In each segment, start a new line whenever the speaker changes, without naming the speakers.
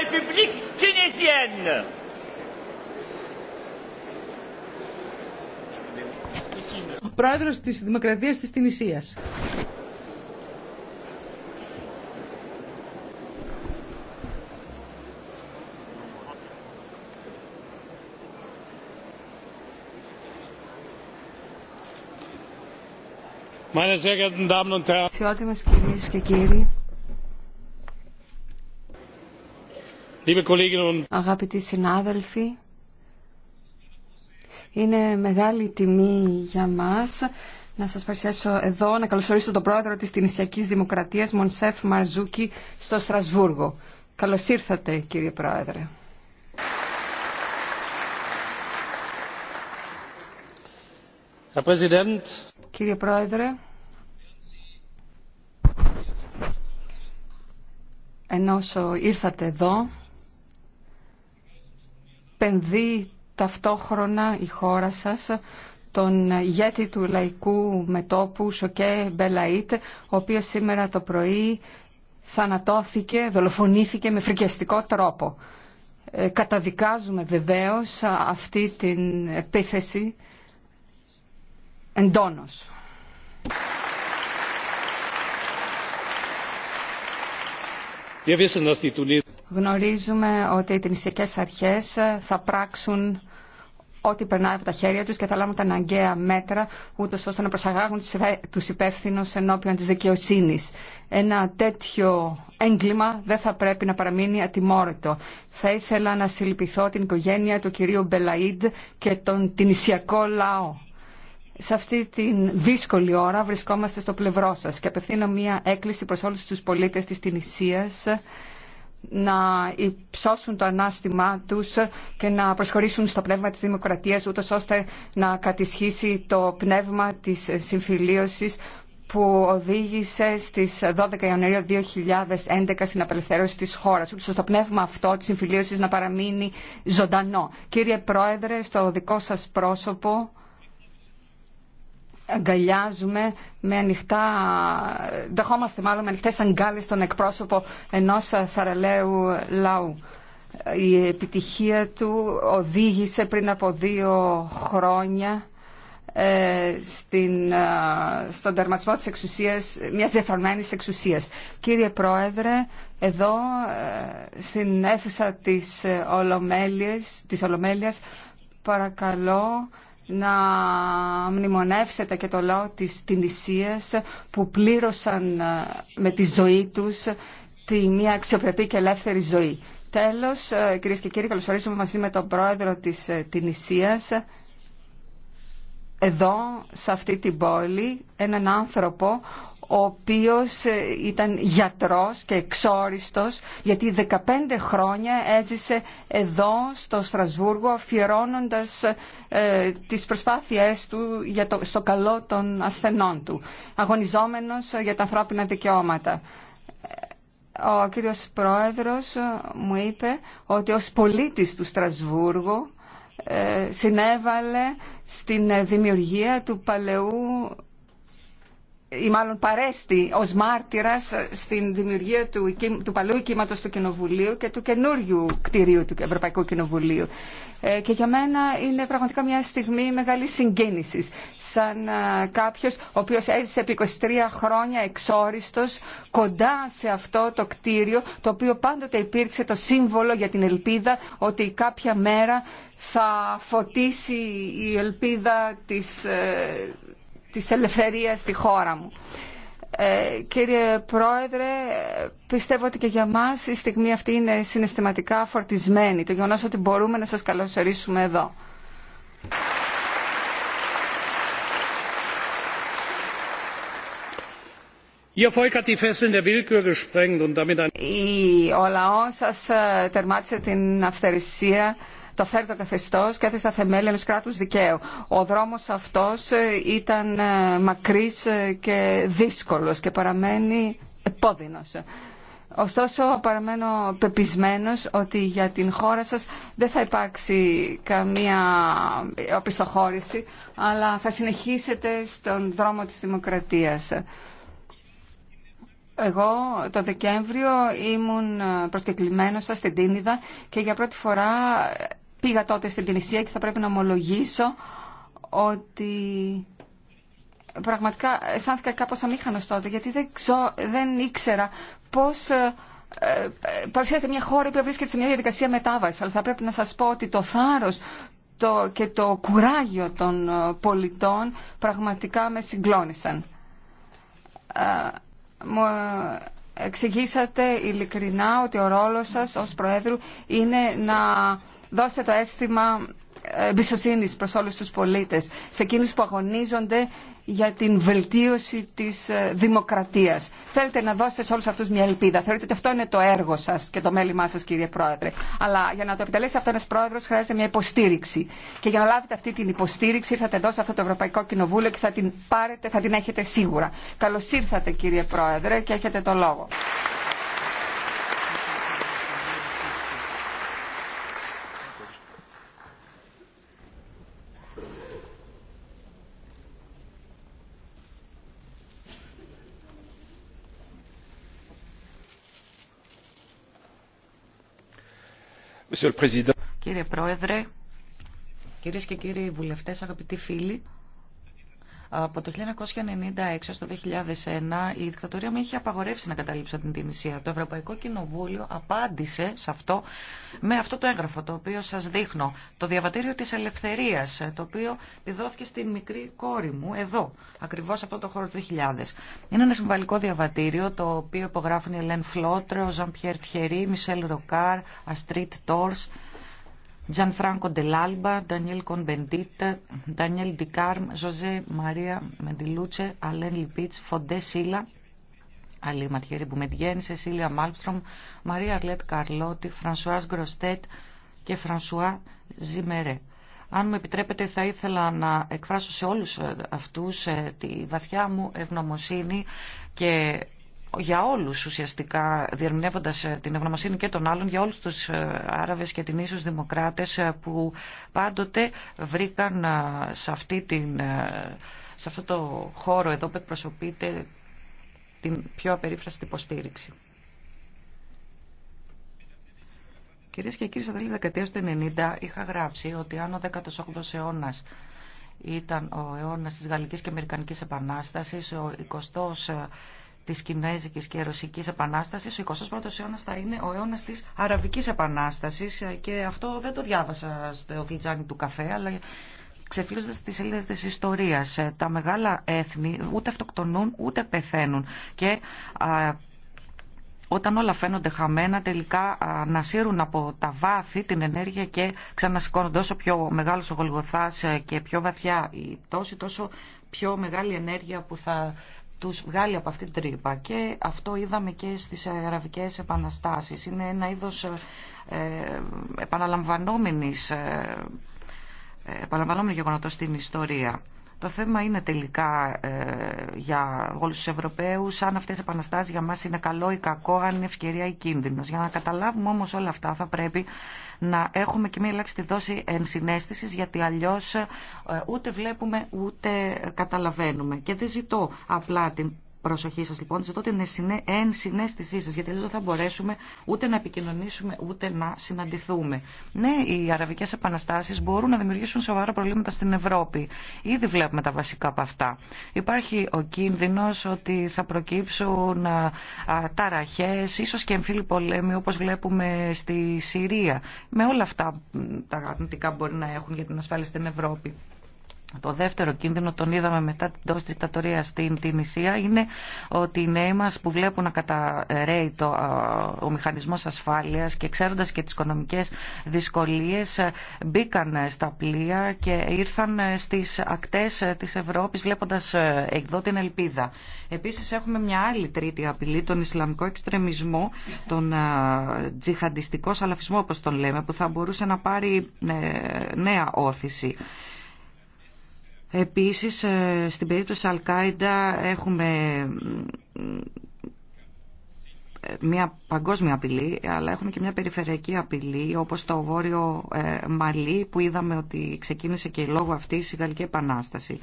République tunisienne.
Ο πρόεδρος της Δημοκρατίας της Τινησίας.
Meine sehr geehrten Damen und Herren. Αξιότιμες κυρίες και κύριοι, Αγαπητοί συνάδελφοι, είναι μεγάλη τιμή για μας να σας παρουσιάσω εδώ, να καλωσορίσω τον πρόεδρο της Τινησιακής Δημοκρατίας, Μονσέφ Μαρζούκη, στο Στρασβούργο. Καλώς ήρθατε, κύριε πρόεδρε. Κύριε Πρόεδρε, ενώ ήρθατε εδώ, Πενδύει ταυτόχρονα η χώρα σας τον ηγέτη του λαϊκού μετόπου Σοκέ Μπελαΐτ, ο οποίος σήμερα το πρωί θανατώθηκε, δολοφονήθηκε με φρικιαστικό τρόπο. Ε, καταδικάζουμε βεβαίως αυτή την επίθεση εντόνως. Γνωρίζουμε ότι οι τυνησιακές αρχές θα πράξουν ό,τι περνάει από τα χέρια του και θα λάβουν τα αναγκαία μέτρα ούτω ώστε να προσαγάγουν τους υπεύθυνους ενώπιον της δικαιοσύνη. Ένα τέτοιο έγκλημα δεν θα πρέπει να παραμείνει ατιμόρυτο. Θα ήθελα να συλληπιθώ την οικογένεια του κυρίου Μπελαΐντ και τον τυνησιακό λαό σε αυτή τη δύσκολη ώρα βρισκόμαστε στο πλευρό σας και απευθύνω μία έκκληση προς όλους τους πολίτες της Τινησίας να υψώσουν το ανάστημά τους και να προσχωρήσουν στο πνεύμα της δημοκρατίας ούτως ώστε να κατησχίσει το πνεύμα της συμφιλίωσης που οδήγησε στις 12 Ιανουαρίου 2011 στην απελευθέρωση της χώρας. Ούτως το πνεύμα αυτό της συμφιλίωσης να παραμείνει ζωντανό. Κύριε Πρόεδρε, στο δικό σας πρόσωπο αγκαλιάζουμε με ανοιχτά, δεχόμαστε μάλλον με ανοιχτές αγκάλες τον εκπρόσωπο ενός θαραλέου λαού. Η επιτυχία του οδήγησε πριν από δύο χρόνια ε, στην, ε, στον τερματισμό της εξουσίας, μιας διαφερμένης εξουσίας. Κύριε Πρόεδρε, εδώ ε, στην αίθουσα της Ολομέλειας, της Ολομέλειας παρακαλώ να μνημονεύσετε και το λαό της Τινησίας που πλήρωσαν ε, με τη ζωή τους τη μια αξιοπρεπή και ελεύθερη ζωή. Τέλος, ε, κυρίες και κύριοι, καλωσορίζουμε μαζί με τον πρόεδρο της ε, Τινησίας εδώ, σε αυτή την πόλη, έναν άνθρωπο ο οποίος ε, ήταν γιατρός και εξόριστος, γιατί 15 χρόνια έζησε εδώ στο Στρασβούργο, αφιερώνοντας ε, τις προσπάθειές του για το, στο καλό των ασθενών του, αγωνιζόμενος για τα ανθρώπινα δικαιώματα. Ε, ο κύριος Πρόεδρος ε, μου είπε ότι ως πολίτης του Στρασβούργου συνέβαλε στην δημιουργία του παλαιού ή μάλλον παρέστη ως μάρτυρας στην δημιουργία του, του παλαιού του Κοινοβουλίου και του καινούριου κτηρίου του Ευρωπαϊκού Κοινοβουλίου. Ε, και για μένα είναι πραγματικά μια στιγμή μεγάλη συγκίνηση Σαν κάποιος ο οποίος έζησε επί 23 χρόνια εξόριστος κοντά σε αυτό το κτίριο το οποίο πάντοτε υπήρξε το σύμβολο για την ελπίδα ότι κάποια μέρα θα φωτίσει η ελπίδα της ε, της ελευθερίας στη χώρα μου. Ε, κύριε Πρόεδρε, πιστεύω ότι και για μας η στιγμή αυτή είναι συναισθηματικά φορτισμένη. Το γεγονός ότι μπορούμε να σας καλωσορίσουμε εδώ. Ο λαός σας ε, τερμάτισε την αυθαιρεσία το θέρτο καθεστώ και έθεσε θεμέλια ενό κράτους δικαίου. Ο δρόμος αυτός ε, ήταν ε, μακρύ ε, και δύσκολος και παραμένει επώδυνος. Ωστόσο, παραμένω πεπισμένος ότι για την χώρα σα δεν θα υπάρξει καμία οπισθοχώρηση, αλλά θα συνεχίσετε στον δρόμο της δημοκρατίας. Εγώ το Δεκέμβριο ήμουν προσκεκλημένος σας στην Τίνιδα και για πρώτη φορά πήγα τότε στην Κινησία και θα πρέπει να ομολογήσω ότι πραγματικά αισθάνθηκα κάπως αμήχανος τότε γιατί δεν, δεν ήξερα πώς ε, ε παρουσιάζεται μια χώρα που βρίσκεται σε μια διαδικασία μετάβασης αλλά θα πρέπει να σας πω ότι το θάρρος το, και το κουράγιο των ε, πολιτών πραγματικά με συγκλώνησαν. Ε, μου εξηγήσατε ειλικρινά ότι ο ρόλος σας ως Προέδρου είναι να δώστε το αίσθημα ε, εμπιστοσύνη προς όλους τους πολίτες, σε εκείνους που αγωνίζονται για την βελτίωση της ε, δημοκρατίας. Θέλετε να δώσετε σε όλους αυτούς μια ελπίδα. Θεωρείτε ότι αυτό είναι το έργο σας και το μέλημά σας κύριε Πρόεδρε. Αλλά για να το επιτελέσει αυτό ένας πρόεδρος χρειάζεται μια υποστήριξη. Και για να λάβετε αυτή την υποστήριξη ήρθατε εδώ σε αυτό το Ευρωπαϊκό Κοινοβούλιο και θα την πάρετε, θα την έχετε σίγουρα. Καλώς ήρθατε κύριε Πρόεδρε και έχετε το λόγο.
Κύριε Πρόεδρε, κυρίες και κύριοι βουλευτές, αγαπητοί φίλοι, από το 1996 στο 2001 η δικτατορία μου είχε απαγορεύσει να καταλήψω την Τινησία. Το Ευρωπαϊκό Κοινοβούλιο απάντησε σε αυτό με αυτό το έγγραφο το οποίο σας δείχνω. Το διαβατήριο της ελευθερίας το οποίο διδόθηκε στην μικρή κόρη μου εδώ ακριβώς αυτό το χώρο του 2000. Είναι ένα συμβαλικό διαβατήριο το οποίο υπογράφουν η Ελέν Φλότρε, ο Ζαν Μισελ Ροκάρ, Αστρίτ Τόρς, Τζαν Φράνκο Ντελάλμπα, Ντανιέλ Κονμπεντίτ, Ντανιέλ Ντικάρμ, Ζωζέ Μαρία Μεντιλούτσε, Αλέν Λιπίτς, Φοντέ Σίλα, Αλή Ματιέρη Μπουμεντιέν, Σεσίλια Μάλμστρομ, Μαρία Αρλέτ Καρλώτη, Φρανσουάς Γκροστέτ και Φρανσουά Ζιμερέ. Αν μου επιτρέπετε θα ήθελα να εκφράσω σε όλους ε, αυτούς ε, τη βαθιά μου ευγνωμοσύνη και για όλους ουσιαστικά, διερμηνεύοντας ε, την ευγνωμοσύνη και των άλλων, για όλους τους ε, Άραβες και την ίσως δημοκράτες ε, που πάντοτε βρήκαν σε, αυτή την, σε αυτό το χώρο εδώ που εκπροσωπείται την πιο απερίφραστη υποστήριξη. Κυρίε και κύριοι, στα τέλη δεκαετία του 1990 είχα γράψει ότι αν ο 18ο αιώνα ήταν ο αιώνα τη Γαλλική και Αμερικανική Επανάσταση, ο αιωνα τη γαλλικη και αμερικανικη επανασταση ο 20 τη Κινέζικη και Ρωσική επανάσταση, Ο 21 ο αιωνα θα είναι ο αιώνα τη Αραβική Επανάσταση. και αυτό δεν το διάβασα στο φλιτζάνι του καφέ, αλλά ξεφύλλοντα τι σελίδε τη ιστορία. Ε, τα μεγάλα έθνη ούτε αυτοκτονούν ούτε πεθαίνουν. Και όταν όλα φαίνονται χαμένα, τελικά ανασύρουν από τα βάθη την ενέργεια και ξανασηκώνονται. Όσο πιο μεγάλο ο Γολγοθά ε, και πιο βαθιά η πτώση, τόσο πιο μεγάλη ενέργεια που θα τους βγάλει από αυτή την τρύπα και αυτό είδαμε και στις αραβικές επαναστάσεις. Είναι ένα είδος ε, ε επαναλαμβανόμενης, ε, ε επαναλαμβανόμενη γεγονότος στην ιστορία. Το θέμα είναι τελικά ε, για όλους τους Ευρωπαίους αν αυτές οι επαναστάσεις για μας είναι καλό ή κακό, αν είναι ευκαιρία ή κίνδυνος. Για να καταλάβουμε όμως όλα αυτά θα πρέπει να έχουμε και μια ελάχιστη δόση ενσυναίσθησης γιατί αλλιώς ε, ούτε βλέπουμε ούτε καταλαβαίνουμε. Και δεν ζητώ απλά την προσοχή σας λοιπόν, ζητώ την εν σα, σας, γιατί δεν θα μπορέσουμε ούτε να επικοινωνήσουμε ούτε να συναντηθούμε. Ναι, οι αραβικές επαναστάσεις μπορούν να δημιουργήσουν σοβαρά προβλήματα στην Ευρώπη. Ήδη βλέπουμε τα βασικά από αυτά. Υπάρχει ο κίνδυνος ότι θα προκύψουν ταραχές, ίσως και εμφύλοι πολέμοι όπως βλέπουμε στη Συρία. Με όλα αυτά τα αρνητικά μπορεί να έχουν για την ασφάλεια στην Ευρώπη. Το δεύτερο κίνδυνο, τον είδαμε μετά την τόση δικτατορία στην Τινησία, είναι ότι οι νέοι μα που βλέπουν να καταραίει το, ο μηχανισμό ασφάλεια και ξέροντα και τι οικονομικέ δυσκολίε, ε, μπήκαν ε, στα πλοία και ήρθαν ε, στι ακτέ τη Ευρώπη, βλέποντα εκδό την ελπίδα. Επίση, έχουμε μια άλλη τρίτη απειλή, τον Ισλαμικό εξτρεμισμό, τον τζιχαντιστικό σαλαφισμό, όπω τον λέμε, που θα μπορούσε να πάρει νέα όθηση. Επίσης, ε, στην περίπτωση Αλκάιντα έχουμε ε, μια παγκόσμια απειλή, αλλά έχουμε και μια περιφερειακή απειλή, όπως το Βόρειο ε, Μαλί, που είδαμε ότι ξεκίνησε και λόγω αυτής η Γαλλική Επανάσταση.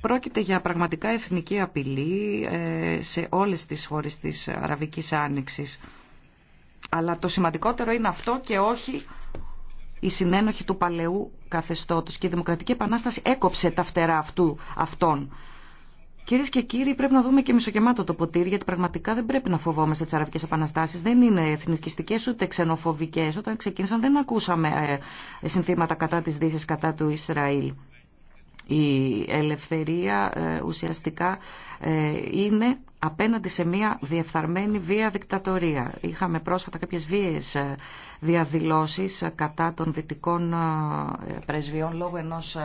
Πρόκειται για πραγματικά εθνική απειλή σε όλες τις χώρες της Αραβικής Άνοιξης. Αλλά το σημαντικότερο είναι αυτό και όχι η συνένοχοι του παλαιού καθεστώτος και η Δημοκρατική Επανάσταση έκοψε τα φτερά αυτού, αυτών. Κυρίε και κύριοι, πρέπει να δούμε και μισογεμάτο το ποτήρι, γιατί πραγματικά δεν πρέπει να φοβόμαστε τι αραβικέ επαναστάσει. Δεν είναι εθνικιστικέ ούτε ξενοφοβικέ. Όταν ξεκίνησαν, δεν ακούσαμε ε, ε, συνθήματα κατά τη Δύση, κατά του Ισραήλ. Η ελευθερία ε, ουσιαστικά είναι απέναντι σε μια διεφθαρμένη βία δικτατορία. Είχαμε πρόσφατα κάποιε βίες διαδηλώσεις κατά των δυτικών ε, πρεσβειών λόγω ενός ε,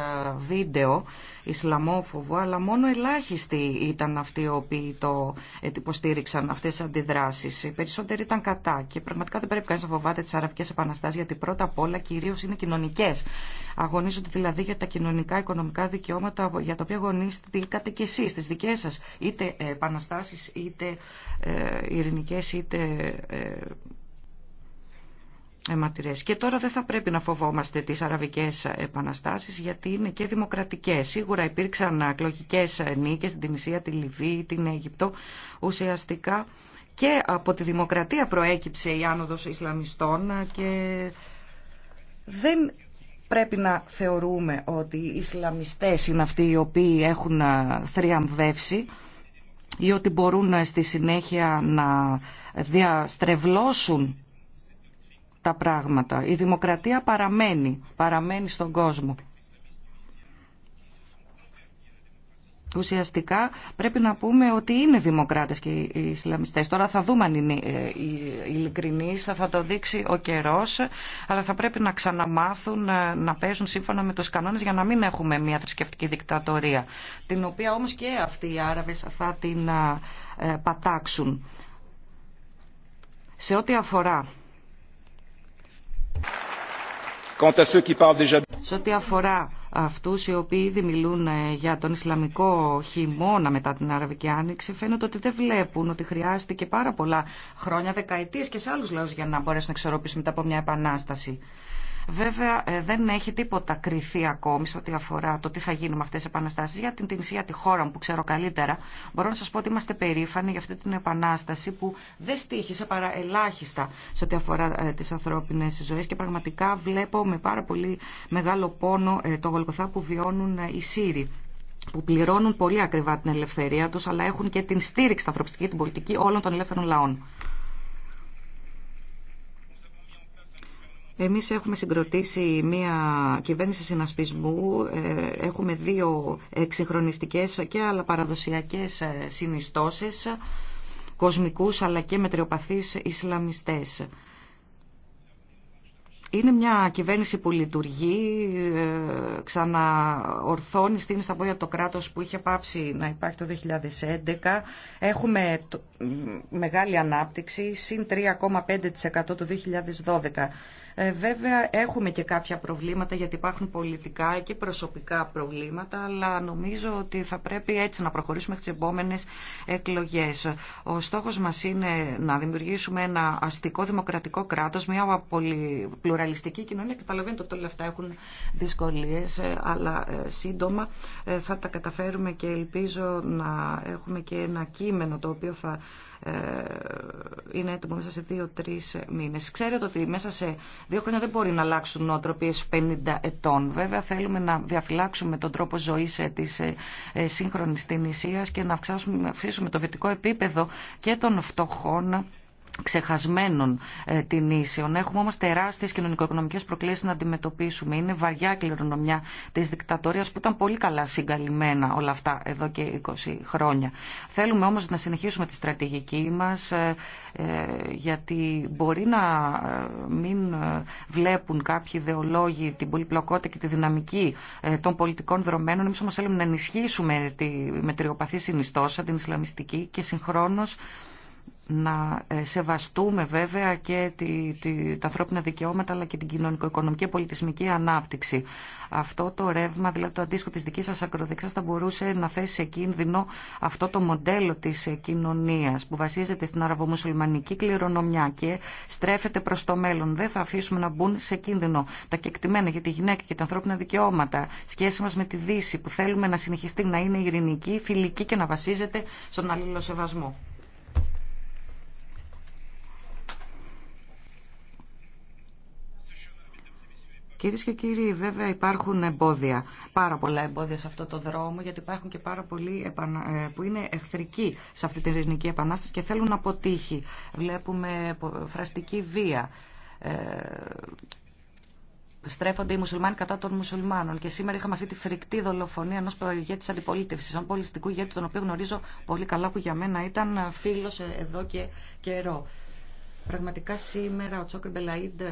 βίντεο ισλαμόφοβου, αλλά μόνο ελάχιστοι ήταν αυτοί οι οποίοι το υποστήριξαν αυτές τις αντιδράσεις. Οι περισσότεροι ήταν κατά και πραγματικά δεν πρέπει κανείς να φοβάται τις αραβικές επαναστάσεις γιατί πρώτα απ' όλα κυρίως είναι κοινωνικές. Αγωνίζονται δηλαδή για τα κοινωνικά οικονομικά δικαιώματα για τα οποία αγωνίστηκατε κι εσείς, τις δικές σας, είτε επαναστάσεις, είτε ε, ειρηνικές, είτε και τώρα δεν θα πρέπει να φοβόμαστε τις αραβικές επαναστάσεις γιατί είναι και δημοκρατικές. Σίγουρα υπήρξαν εκλογικές νίκες στην Ισία, τη Λιβύη, την Αίγυπτο. Ουσιαστικά και από τη δημοκρατία προέκυψε η άνοδος Ισλαμιστών και δεν πρέπει να θεωρούμε ότι οι Ισλαμιστές είναι αυτοί οι οποίοι έχουν θριαμβεύσει ή ότι μπορούν στη συνέχεια να διαστρεβλώσουν τα πράγματα. Η δημοκρατία παραμένει, παραμένει στον κόσμο. Ουσιαστικά πρέπει να πούμε ότι είναι δημοκράτες και οι Ισλαμιστές. Τώρα θα δούμε αν είναι ε, ειλικρινείς, θα το δείξει ο καιρός, αλλά θα πρέπει να ξαναμάθουν ε, να παίζουν σύμφωνα με τους κανόνες για να μην έχουμε μια θρησκευτική δικτατορία, την οποία όμως και αυτοί οι Άραβες θα την ε, πατάξουν. Σε ό,τι αφορά σε ό,τι αφορά αυτούς οι οποίοι ήδη μιλούν ε, για τον Ισλαμικό χειμώνα μετά την Αραβική Άνοιξη, φαίνεται ότι δεν βλέπουν ότι χρειάστηκε πάρα πολλά χρόνια, δεκαετίες και σε άλλους λαούς για να μπορέσουν να εξορροπήσουν μετά από μια επανάσταση. Βέβαια ε, δεν έχει τίποτα κρυθεί ακόμη σε ό,τι αφορά το τι θα γίνει με αυτέ τι επαναστάσει. Για την Τινησία, τη χώρα μου που ξέρω καλύτερα, μπορώ να σα πω ότι είμαστε περήφανοι για αυτή την επανάσταση που δεν στήχησε παρά ελάχιστα σε ό,τι αφορά ε, τι ανθρώπινε ζωέ και πραγματικά βλέπω με πάρα πολύ μεγάλο πόνο ε, το γολγοθά που βιώνουν ε, οι Σύροι που πληρώνουν πολύ ακριβά την ελευθερία τους, αλλά έχουν και την στήριξη στα ανθρωπιστική την πολιτική όλων των ελεύθερων λαών. Εμείς έχουμε συγκροτήσει μια κυβέρνηση συνασπισμού, ε, έχουμε δύο εξυγχρονιστικές και άλλα παραδοσιακές ε, συνιστώσεις, κοσμικούς αλλά και μετριοπαθείς Ισλαμιστές. Είναι μια κυβέρνηση που λειτουργεί, ε, ξαναορθώνει, στην στα πόδια το κράτος που είχε πάψει να υπάρχει το 2011. Έχουμε μεγάλη ανάπτυξη, συν 3,5% το 2012. Ε, βέβαια έχουμε και κάποια προβλήματα γιατί υπάρχουν πολιτικά και προσωπικά προβλήματα αλλά νομίζω ότι θα πρέπει έτσι να προχωρήσουμε τις επόμενες εκλογές. Ο στόχος μας είναι να δημιουργήσουμε ένα αστικό δημοκρατικό κράτος, μια πλουραλιστική κοινωνία. Καταλαβαίνετε ότι όλα αυτά έχουν δυσκολίες ε, αλλά ε, σύντομα θα τα καταφέρουμε και ελπίζω να έχουμε και ένα κείμενο το οποίο θα ε, είναι έτοιμο μέσα σε δύο-τρει μήνε. Ξέρετε ότι μέσα σε δύο χρόνια δεν μπορεί να αλλάξουν νοοτροπίε 50 ετών. Βέβαια, θέλουμε να διαφυλάξουμε τον τρόπο ζωή ε, τη ε, σύγχρονη νησίας και να αυξήσουμε το βιωτικό επίπεδο και των φτωχών ξεχασμένων ε, την ίσιον. Έχουμε όμως τεράστιες κοινωνικο-οικονομικές προκλήσεις να αντιμετωπίσουμε. Είναι βαριά κληρονομιά της δικτατορίας που ήταν πολύ καλά συγκαλυμμένα όλα αυτά εδώ και 20 χρόνια. Θέλουμε όμως να συνεχίσουμε τη στρατηγική μας ε, ε, γιατί μπορεί να μην βλέπουν κάποιοι ιδεολόγοι την πολυπλοκότητα και τη δυναμική των πολιτικών δρομένων. Εμείς όμως θέλουμε να ενισχύσουμε τη μετριοπαθή συνιστόσα, την Ισλαμιστική και συγχρόνως να ε, σεβαστούμε βέβαια και τη, τη, τα ανθρώπινα δικαιώματα αλλά και την κοινωνικο-οικονομική και πολιτισμική ανάπτυξη. Αυτό το ρεύμα, δηλαδή το αντίστοιχο της δικής σας ακροδεξιά, θα μπορούσε να θέσει σε κίνδυνο αυτό το μοντέλο της ε, κοινωνίας που βασίζεται στην αραβομουσουλμανική κληρονομιά και στρέφεται προς το μέλλον. Δεν θα αφήσουμε να μπουν σε κίνδυνο τα κεκτημένα για τη γυναίκα και τα ανθρώπινα δικαιώματα, σχέση μας με τη Δύση που θέλουμε να συνεχιστεί να είναι ειρηνική, φιλική και να βασίζεται στον αλληλοσεβασμό. Κυρίε και κύριοι, βέβαια υπάρχουν εμπόδια, πάρα πολλά εμπόδια σε αυτό το δρόμο, γιατί υπάρχουν και πάρα πολλοί ε, που είναι εχθρικοί σε αυτή την ειρηνική επανάσταση και θέλουν να αποτύχει. Βλέπουμε φραστική βία. Ε, στρέφονται οι μουσουλμάνοι κατά των μουσουλμάνων. Και σήμερα είχαμε αυτή τη φρικτή δολοφονία ενό προηγέτη αντιπολίτευση, ενό πολιτιστικού ηγέτη, τον οποίο γνωρίζω πολύ καλά, που για μένα ήταν φίλο εδώ και καιρό. Πραγματικά σήμερα ο Τσόκρι Μπελαΐντ ε,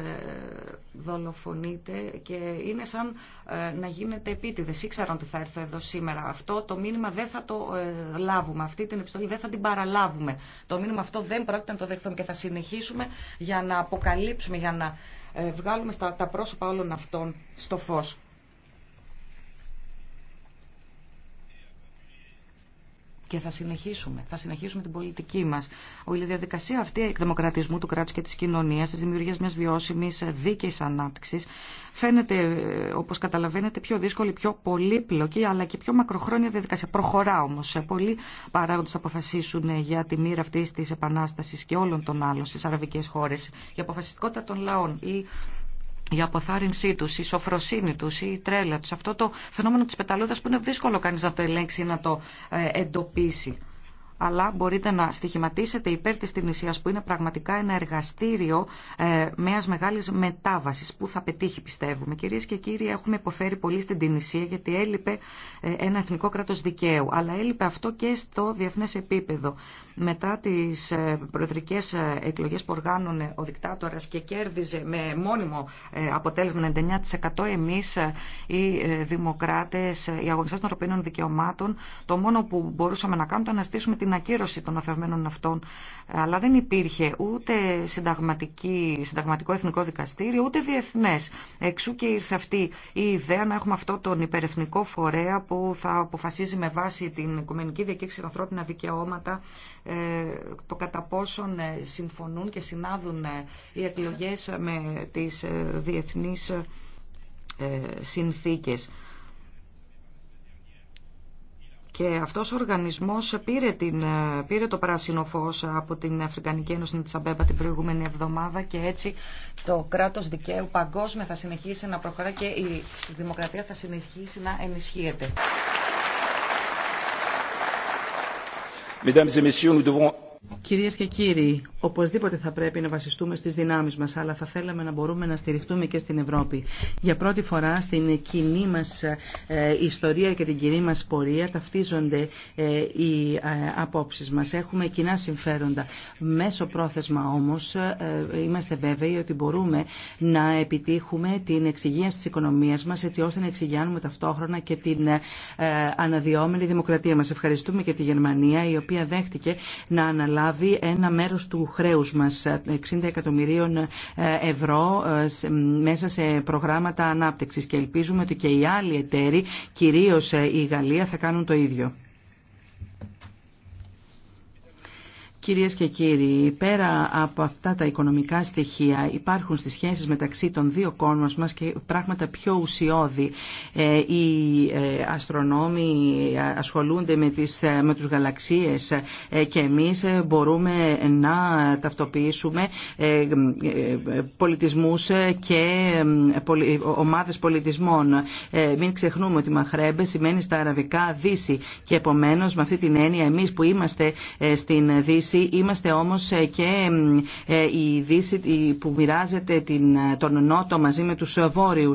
δολοφονείται και είναι σαν ε, να γίνεται επίτηδες. Ήξεραν ότι θα έρθω εδώ σήμερα. Αυτό το μήνυμα δεν θα το ε, λάβουμε. Αυτή την επιστολή δεν θα την παραλάβουμε. Το μήνυμα αυτό δεν πρόκειται να το δεχθούμε και θα συνεχίσουμε για να αποκαλύψουμε, για να βγάλουμε τα πρόσωπα όλων αυτών στο φως. και θα συνεχίσουμε. Θα συνεχίσουμε την πολιτική μα. Η διαδικασία αυτή εκδημοκρατισμού του κράτου και τη κοινωνία, τη δημιουργία μια βιώσιμη ε, δίκαιη ανάπτυξη, φαίνεται, ε, όπω καταλαβαίνετε, πιο δύσκολη, πιο πολύπλοκη, αλλά και πιο μακροχρόνια διαδικασία. Προχωρά όμω. Ε, πολλοί παράγοντε αποφασίσουν για τη μοίρα αυτή τη επανάσταση και όλων των άλλων στι αραβικέ χώρε. Η αποφασιστικότητα των λαών, η η αποθάρρυνσή του, η σοφροσύνη του, η τρέλα του, αυτό το φαινόμενο τη πεταλούδα που είναι δύσκολο κανεί να το ελέγξει ή να το ε, εντοπίσει αλλά μπορείτε να στοιχηματίσετε υπέρ της Τινησίας που είναι πραγματικά ένα εργαστήριο ε, μιας μεγάλης μετάβασης που θα πετύχει πιστεύουμε. Κυρίες και κύριοι έχουμε υποφέρει πολύ στην Τινησία γιατί έλειπε ε, ένα εθνικό κράτος δικαίου αλλά έλειπε αυτό και στο διεθνές επίπεδο. Μετά τις ε, προεδρικές ε, εκλογές που οργάνωνε ο δικτάτορας και κέρδιζε με μόνιμο αποτέλεσμα 99% εμείς οι δημοκράτες, οι αγωνιστές των ευρωπαϊκών δικαιωμάτων το μόνο που μπορούσαμε να κάνουμε ήταν να στήσουμε την ακύρωση των αφευμένων αυτών, αλλά δεν υπήρχε ούτε συνταγματική, συνταγματικό εθνικό δικαστήριο, ούτε διεθνέ. Εξού και ήρθε αυτή η ιδέα να έχουμε αυτό τον υπερεθνικό φορέα που θα αποφασίζει με βάση την Οικουμενική Διακήρυξη Ανθρώπινα Δικαιώματα ε, το κατά πόσον ε, συμφωνούν και συνάδουν ε, οι εκλογέ με τις διεθνείς συνθήκες. Και αυτός ο οργανισμός πήρε, την, πήρε το πράσινο φως από την Αφρικανική Ένωση της Αμπέμπα την προηγούμενη εβδομάδα και έτσι το κράτος δικαίου παγκόσμια θα συνεχίσει να προχωρά και η δημοκρατία θα συνεχίσει να ενισχύεται.
Κυρίες και κύριοι, οπωσδήποτε θα πρέπει να βασιστούμε στις δυνάμεις μας, αλλά θα θέλαμε να μπορούμε να στηριχτούμε και στην Ευρώπη. Για πρώτη φορά στην κοινή μας ε, ιστορία και την κοινή μας πορεία ταυτίζονται ε, οι ε, απόψεις μας. Έχουμε κοινά συμφέροντα. Μέσω πρόθεσμα όμως είμαστε βέβαιοι ότι μπορούμε να επιτύχουμε την εξυγίαση της οικονομίας μας, έτσι ώστε να εξηγιάνουμε ταυτόχρονα και την αναδυόμενη δημοκρατία μας. Ευχαριστούμε και τη Γερμανία, η οποία δέχτηκε να αναλάβει αναλάβει ένα μέρος του χρέους μας, 60 εκατομμυρίων ε, ευρώ ε, μέσα σε προγράμματα ανάπτυξης και ελπίζουμε ότι και οι άλλοι εταίροι, κυρίως ε, η Γαλλία, θα κάνουν το ίδιο. Κυρίες και κύριοι, πέρα από αυτά τα οικονομικά στοιχεία υπάρχουν στις σχέσεις μεταξύ των δύο κόσμων μας και πράγματα πιο ουσιώδη. Ε, οι ε, αστρονόμοι ε, ασχολούνται με, τις, με τους γαλαξίες και εμείς μπορούμε να ταυτοποιήσουμε πολιτισμούς και ομάδες πολιτισμών. Μην ξεχνούμε ότι Μαχρέμπε σημαίνει στα αραβικά Δύση και επομένως με αυτή την έννοια εμείς που είμαστε στην Δύση είμαστε όμως ε, και ε, η Δύση που μοιράζεται την, ε, τον Νότο μαζί με τους βόρειου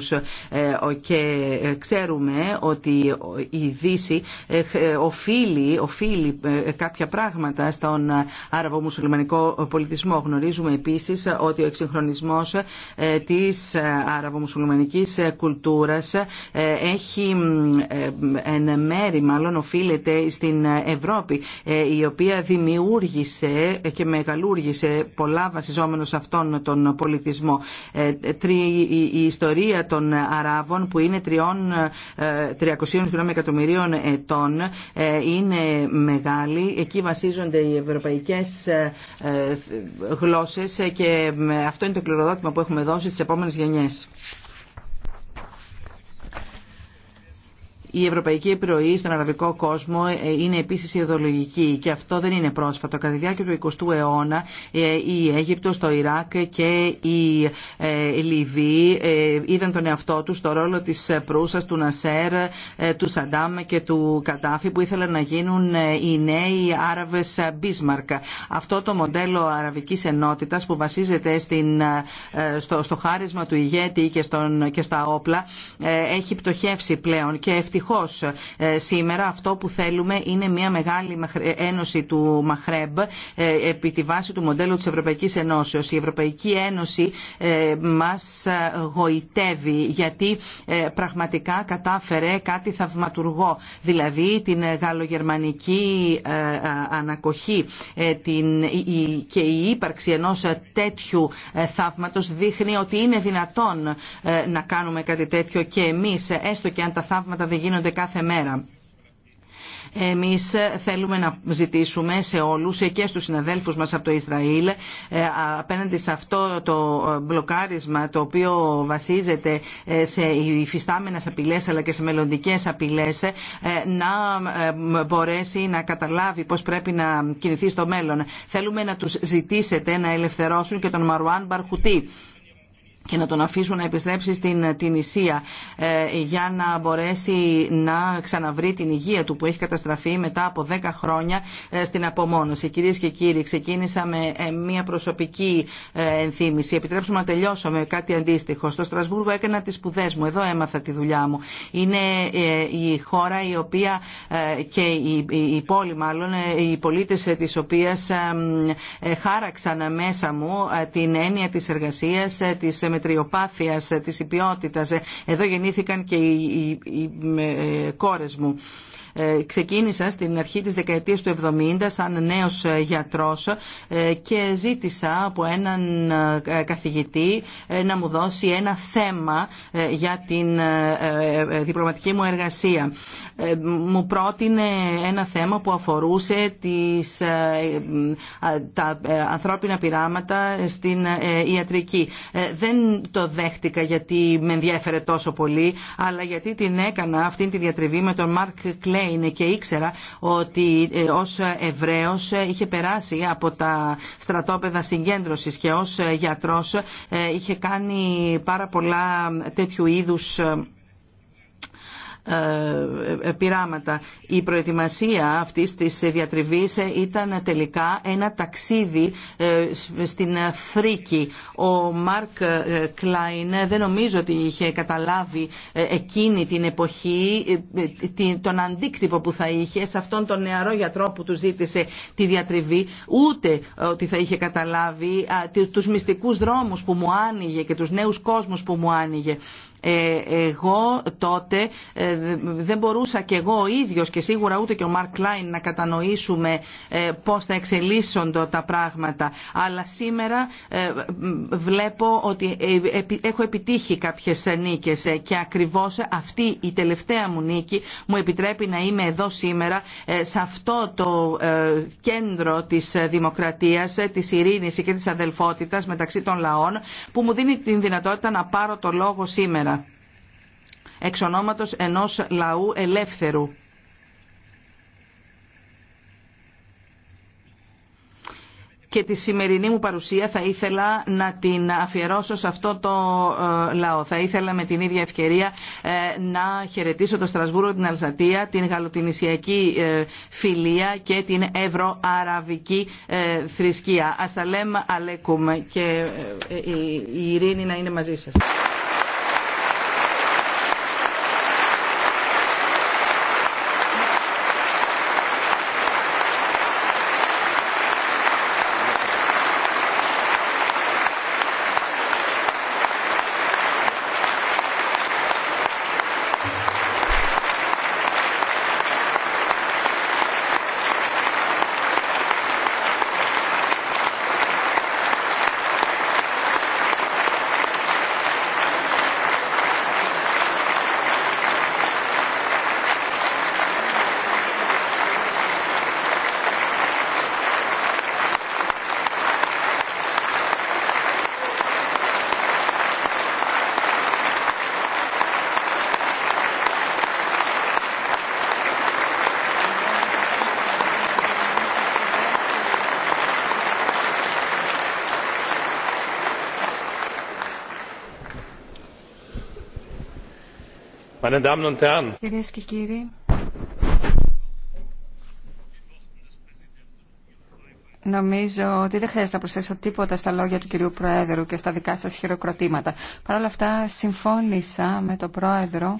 και ξέρουμε ότι η Δύση οφείλει, οφείλει κάποια πράγματα στον άραβο-μουσουλμανικό πολιτισμό. Γνωρίζουμε επίσης ότι ο εξυγχρονισμό της άραβο-μουσουλμανικής κουλτούρας έχει εν μέρη μάλλον οφείλεται στην Ευρώπη η οποία δημιούργησε και μεγαλούργησε πολλά βασιζόμενο σε αυτόν τον πολιτισμό. Ε, η ιστορία των Αράβων που είναι τριών 300 ε, εκατομμυρίων ετών ε, είναι μεγάλη. Εκεί βασίζονται οι ευρωπαϊκές γλώσσες και αυτό είναι το κληροδότημα που έχουμε δώσει στις επόμενες γενιές. Η ευρωπαϊκή επιρροή στον αραβικό κόσμο ε, είναι επίσης ιδεολογική και αυτό δεν είναι πρόσφατο. Κατά τη διάρκεια του 20ου αιώνα ε, η Αίγυπτο το Ιράκ και η ε, Λιβύη είδαν τον εαυτό του στο ρόλο τη Προύσα, του Νασέρ, του Σαντάμ και του Κατάφη που ήθελαν να γίνουν οι νέοι Άραβες Μπίσμαρκ. Αυτό το μοντέλο Αραβική Ενότητα που βασίζεται στο, χάρισμα του ηγέτη και, και στα όπλα έχει πτωχεύσει πλέον και ευτυχώ Δυστυχώς ε, σήμερα αυτό που θέλουμε είναι μια μεγάλη ένωση του Μαχρέμπ ε, επί τη βάση του μοντέλου της Ευρωπαϊκής Ενώσεως. Η Ευρωπαϊκή Ένωση ε, μας γοητεύει γιατί πραγματικά κατάφερε κάτι θαυματουργό, δηλαδή την γαλλογερμανική ανακοχή και η ύπαρξη ενός τέτοιου θαύματος δείχνει ότι είναι δυνατόν να κάνουμε κάτι τέτοιο και εμείς, έστω και αν τα θαύματα δεν γίνονται κάθε μέρα. Εμείς θέλουμε να ζητήσουμε σε όλους και στους συναδέλφους μας από το Ισραήλ ε, απέναντι σε αυτό το μπλοκάρισμα το οποίο βασίζεται ε, σε υφιστάμενες απειλές αλλά και σε μελλοντικές απειλές ε, να μπορέσει να καταλάβει πώς πρέπει να κινηθεί στο μέλλον. Θέλουμε να τους ζητήσετε να ελευθερώσουν και τον Μαρουάν Μπαρχουτή και να τον αφήσουν να επιστρέψει στην την Ισία ε, για να μπορέσει να ξαναβρει την υγεία του που έχει καταστραφεί μετά από 10 χρόνια ε, στην απομόνωση. Κυρίε και κύριοι, ξεκίνησα με ε, μια προσωπική ενθύμηση. Επιτρέψτε να τελειώσω με κάτι αντίστοιχο. Στο Στρασβούργο έκανα τις σπουδέ μου. Εδώ έμαθα τη δουλειά μου. Είναι η χώρα η οποία και η πόλη μάλλον, οι πολίτες της οποίας χάραξαν μέσα μου την έννοια της εργασίας, της μετριοπάθεια, ε, τη υπιότητας. Ε, εδώ γεννήθηκαν και οι, οι, οι ε, κόρες μου. Ε, ξεκίνησα στην αρχή της δεκαετίας του 70 σαν νέος ε, γιατρός ε, και ζήτησα από έναν καθηγητή να μου δώσει ένα θέμα για την διπλωματική μου εργασία. Μου πρότεινε ένα θέμα που αφορούσε τις, τα ανθρώπινα πειράματα στην ιατρική. Δεν το δέχτηκα γιατί με ενδιέφερε τόσο πολύ, αλλά γιατί την έκανα αυτή τη διατριβή με τον Μάρκ Κλέιν είναι και ήξερα ότι ε, ως Εβραίος είχε περάσει από τα στρατόπεδα συγκέντρωσης και ως ε, γιατρός ε, είχε κάνει πάρα πολλά τέτοιου είδους ε, ε, πειράματα. Η προετοιμασία αυτής της διατριβής ήταν τελικά ένα ταξίδι ε, στην Φρίκη. Ο Μάρκ Κλάιν δεν νομίζω ότι είχε καταλάβει εκείνη την εποχή τον αντίκτυπο που θα είχε σε αυτόν τον νεαρό γιατρό που του ζήτησε τη διατριβή, ούτε ότι θα είχε καταλάβει τους μυστικούς δρόμους που μου άνοιγε και τους νέους κόσμους που μου άνοιγε. Ε, εγώ τότε ε, δεν μπορούσα και εγώ ο ίδιος και σίγουρα ούτε και ο Μαρκ Κλάιν να κατανοήσουμε ε, πώς θα εξελίσσονται τα πράγματα. Αλλά σήμερα βλέπω ότι έχω επιτύχει κάποιες νίκες και ακριβώς αυτή η τελευταία μου νίκη μου επιτρέπει να είμαι εδώ σήμερα σε αυτό το κέντρο της δημοκρατίας, της ειρήνης και της αδελφότητας μεταξύ των λαών που μου δίνει την δυνατότητα να πάρω το λόγο σήμερα εξ ονόματος ενός λαού ελεύθερου. και τη σημερινή μου παρουσία θα ήθελα να την αφιερώσω σε αυτό το ε, λαό. Θα ήθελα με την ίδια ευκαιρία ε, να χαιρετήσω το Στρασβούργο, την Αλζατία, την ε, Φιλία και την Ευρωαραβική ε, Θρησκεία. Ασαλέμ αλέκουμ και η ειρήνη να είναι μαζί σας.
Κυρίες και κύριοι, νομίζω ότι δεν χρειάζεται να προσθέσω τίποτα στα λόγια του κυρίου Προέδρου και στα δικά σας χειροκροτήματα. Παρ' όλα αυτά, συμφώνησα με τον Πρόεδρο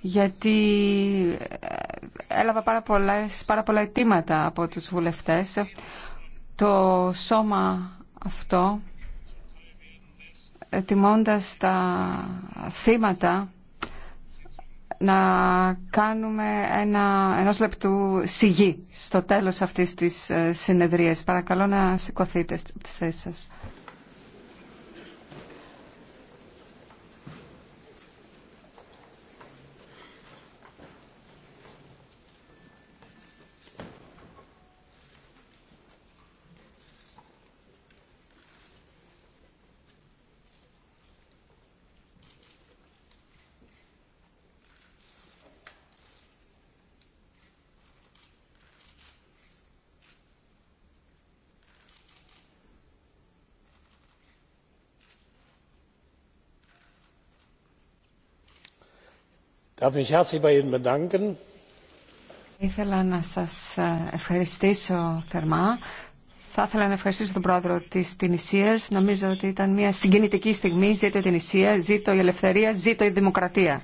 γιατί ε, έλαβα πάρα, πολλά αιτήματα από τους βουλευτές. Το σώμα αυτό, ε, τιμώντας τα θύματα να κάνουμε ένα ενός λεπτού σιγή στο τέλος αυτής της ε, συνεδρίας. Παρακαλώ να σηκωθείτε από τις θέσεις σας. Ήθελα να σας ε, ευχαριστήσω θερμά. Θα ήθελα να ευχαριστήσω τον πρόεδρο της Τινησίας. Νομίζω ότι ήταν μια συγκινητική στιγμή. Ζήτω την Τινησία, ζήτω η ελευθερία, ζήτω η δημοκρατία.